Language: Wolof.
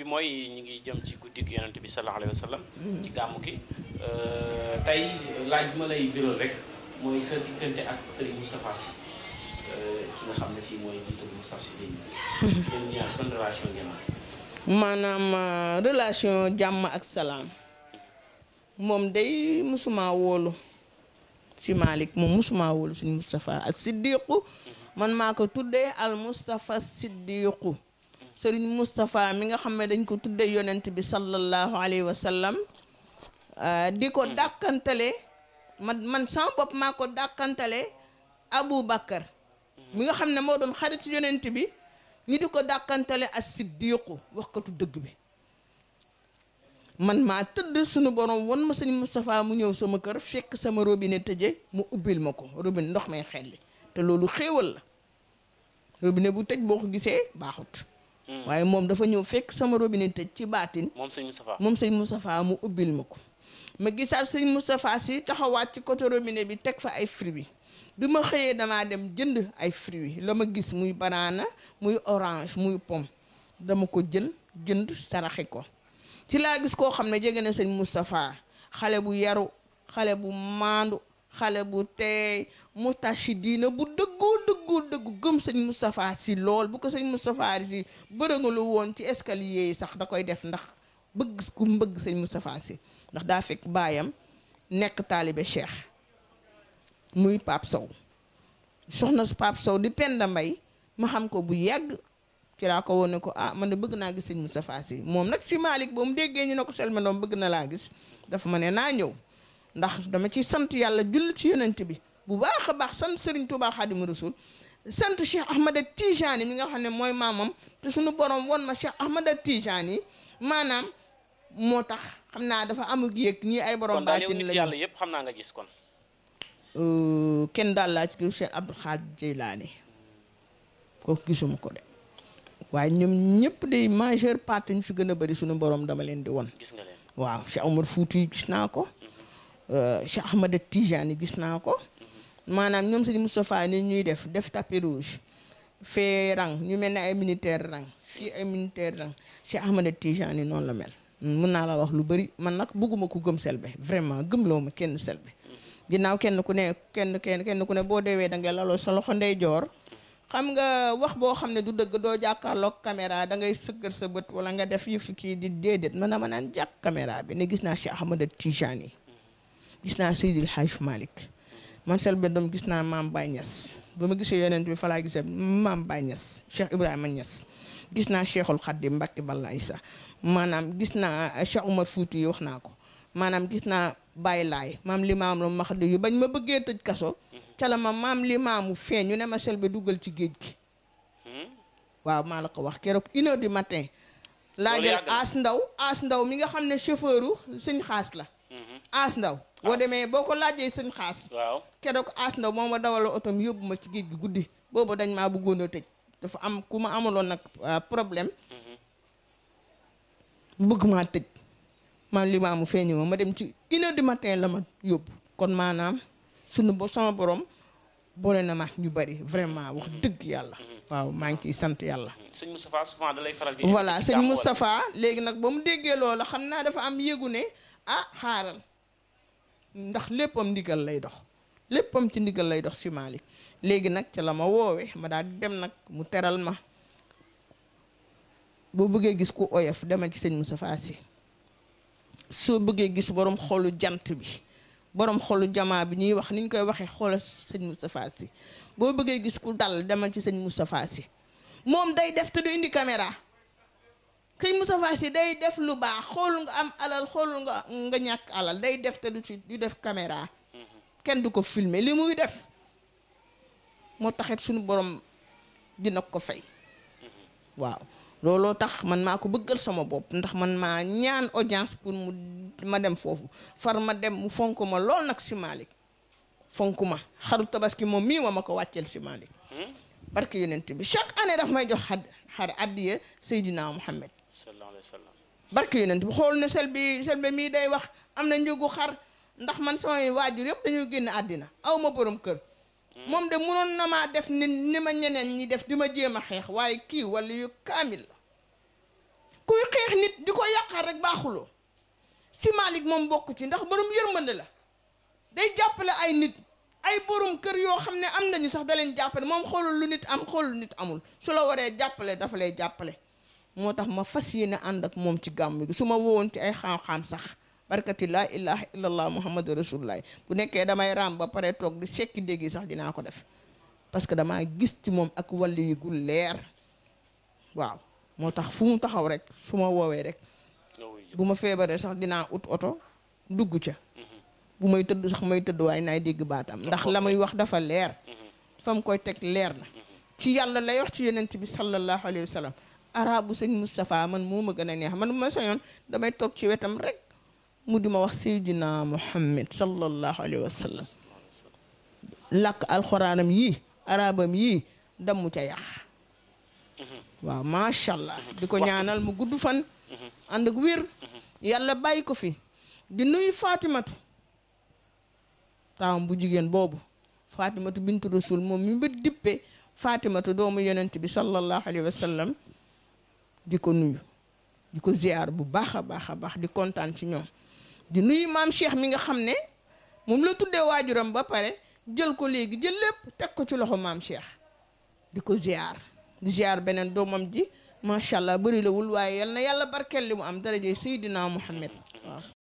bi mooy ñu ngi jëm ci guddi gi yonent bi sallallahu alayhi wa mm-hmm. ci gàmmu gi euh, tey laaj ma lay biral rek mooy sa diggante ak Serigne Moustapha Sy euh, ki nga xam ne si mooy jiitu Moustapha Sy mm-hmm. euh, jàmm ak salaam mm-hmm. moom day musuma wóolu si Malick moom musuma wóolu suñu Moustapha ak Siddiqu man maa ko tuddee al Moustapha Siddiqu sëriñ Moustapha mi nga xam ne dañ ko tudde yonent bi sallallahu alayhi wa sallam euh, di ko hmm. dàkkantale man man sama bopp maa ko dàkkantale Abu bakkar mu hmm. nga xam ne moo doon xarit yonent bi ñu di ko dàkkantale as siddiqu waxkatu dëgg bi man maa tëdd suñu borom wan ma sëñ Moustapha mu ñëw sama kër fekk sama robine tëje mu ubbil ma ko robinet ndox may xelli te loolu xéewal la robinet bu tëj boo ko gisee baaxut Mm. waaye moom dafa ñëw fekk sama robinet tëj ci baatin moom sëñ Moustapha moom sëñ Moustapha mu ubbil ma ko ma gisaat sëñ Moustapha si taxawaat ci côté robinet bi teg fa ay fruits bi ma xëyee damaa dem jënd ay fruits la ma gis muy banaana muy orange muy pomme dama ko jën jënd saraxi ko ci laa gis koo xam ne jege na sëñ Moustapha xale bu yaru xale bu maandu xale bu teey mu diina bu dëggoo dëgg dëggul dëggu gëm sëñ Moustapha si lool bu ko sëñ Moustapha si bërëngalu woon ci escalier yi sax da koy def ndax bëgg ku mbëgg sëñ Moustapha si ndax daa fekk baayam nekk taalibe Cheikh muy Pape Sow soxna Pape Sow di Penda Mbay ma xam ko bu yàgg ci laa ko woon ne ko ah man ne bëgg naa gis sëñ Moustapha si moom nag si Malick ba mu déggee ñu ne ko Selma Ndom bëgg na laa gis dafa ma ne naa ñëw ndax dama ciy sant yàlla jull ci yonent bi bu baax a baax sant Serigne Touba Xaadimu Rasuul sant Cheikh Ahmada Tijaani mi nga xam ne mooy maamam te suñu borom won ma Cheikh Ahmada Tijaani maanaam moo tax xam naa dafa amug yéeg ñii ay borom. baatin la yàlla yëpp xam naa nga gis kon. Euh, kenn daal laa ci gis Cheikh Abdou Khadir ko de waaye ñoom ñëpp day majeure partie ñu fi gën a bëri suñu borom dama leen di won gis nga leen waaw Cheikh Omar Fouti gis naa ko. Mhm. Euh, Cheikh Ahmada Tijaani gis naa ko. maanaam ñoom sëñ Moustapha ni ñuy def def tapis rouge fee rang ñu mel ni ay militaire rang fii ay militaire rang Cheikh Ahmed Tidiane noonu la mel mun naa la wax lu bëri man nag bëgguma ko gëm Selbé vraiment loo ma kenn Selbé ginnaaw kenn ku ne kenn kenn kenn ku ne boo deewee da ngay laloo sa loxo ndeyjoor xam nga wax boo xam ne du dëgg doo jàkkaarloog caméra da ngay sëggar sa bët wala nga def yëf kii di déedéet na ma naan jàkk caméra bi ne gis naa Cheikh Ahmed Tidiane gis naa Seydil Hadj Malick man Selbé gis naa maam Baye ba ma gisee yonent bi fa laa gisee maam Baye gis naa Cheikhul Khadim Mbacke Balla maanaam gis naa eh, Cheikh Oumar Fouti wax naa ko maanaam gis naa Baye maam li maam la max bañ ma bëggee tëj kaso ca la ma maam li maamu feeñ ñu ne ma Selbé duggal ci géej gi hmm? waaw maa la ko wax keroog une heure du matin laa jël aas ndaw aas ndaw mi nga xam ne chauffeuru sëñ xaas la aas ndaw boo demee boo ko laajee seen xaas keroog aas ndaw moo ma dawal otom yóbbu ma ci géej gi guddi boobu dañ maa bëggoon a tëj dafa am ku ma amaloon nag euh, problème mm-hmm. bëgg maa tëj man li maamu feeñu ma ma dem ci une heure la ma yóbbu kon maanaam sunu bo sama borom boole na ma ñu bari vraiment wax mm-hmm. dëgg yàlla mm-hmm. waaw maa ngi ciy sant yàlla sëñ Moustapha lay faral voilà sëñ Moustapha léegi nag ba mu déggee loola xam naa dafa am yëgu ne ah xaaral ndax léppam ndigal lay dox léppam ci ndigal lay dox si Malick léegi nag ca la ma woowe ma daal dem nag mu teral ma boo bëggee gis ku oyof demal ci sëñ Moustapha Sy soo bëggee gis boroom xolu jant bi boroom xolu jamaa bi ñuy wax ni ñu koy waxee xoolal sëñ Moustapha si boo bëggee gis ku dal demal ci sëñ Moustapha Sy moom day def te du indi caméra. kii Moustapha Sy day def lu baax xool nga am alal xool nga nga ñàkk alal day def te du ci du def caméra kenn du ko filme li muy def moo taxit suñu borom dina ko fay waaw looloo tax man maa ko bëggal sama bopp ndax man maa ñaan audience pour mu ma dem foofu far ma dem mu fonk ma lool nag si Malick fonk ma xaru tabaski moom mii ma ma ko wàcceel si Malick hmm? barke yonent bi chaque année daf may jox xar addiye Seydina Mouhamed sallallahu alayhi wa sallam barke yonent bi xool ne sel bi sel mii day wax am na njëgu xar ndax man samay waajur yëpp dañuy génn àddina aw ma borom kër hmm. moom de mënoon na maa def ni ni ma ñeneen ñi def di ma jéem a xeex waaye kii wala yu kaamil la kuy xeex nit di ko yàqal rek baaxuloo si Malick moom bokk ci ndax borom yërmande la day jàppale ay nit ay borom kër yoo xam ne am nañu sax da leen jàppale moom xoolul lu nit am xoolul nit amul su la waree jàppale dafa lay jàppale moo tax ma fas yéene ànd ak moom ci gàmm gi su ma woowoon ci ay xam-xam sax barkati laa ilaha illallah muhammadu rasulullah bu nekkee damay raam ba pare toog di sekki dégg yi sax dinaa ko def parce que damaa gis ci moom ak wàllu yi gu leer waaw moo tax fu mu taxaw rek su ma woowee rek bu ma feebaree sax dinaa ut oto dugg ca bu may tëdd sax may tëdd waaye naay dégg baatam ndax la muy wax dafa leer fa mu koy teg leer na ci yàlla lay wax ci yonent bi sallallahu alayhi wa sallam araabu sëñ Moustapha man moo ma gën a neex man ma sañoon damay toog ci wetam rek mu di ma wax Seydina Muhammad sallallahu alayhi wa sallam alxuraanam yii araabam yii damu ca yàq waaw macha di ko ñaanal mu gudd fan ànd ak wér yàlla bàyyi ko fi di nuyu Fatimatu taawam bu jigéen boobu Fatimatu bintu rasul moom mi ba dippe Fatimatu doomu yonent bi sallallahu alayhi wa di ko nuyu di ko ziar bu baax a baax a baax di kontaan ci ñoom di nuyu maam Cheikh mi nga xam ne moom la tuddee waajuram ba pare jël ko léegi jël lépp teg ko ci loxo maam Cheikh di ko ziar di ziar beneen doomam ji macha allah bëri lawul waaye yal na yàlla barkeel li mu am daraje Seydina Muhammad waaw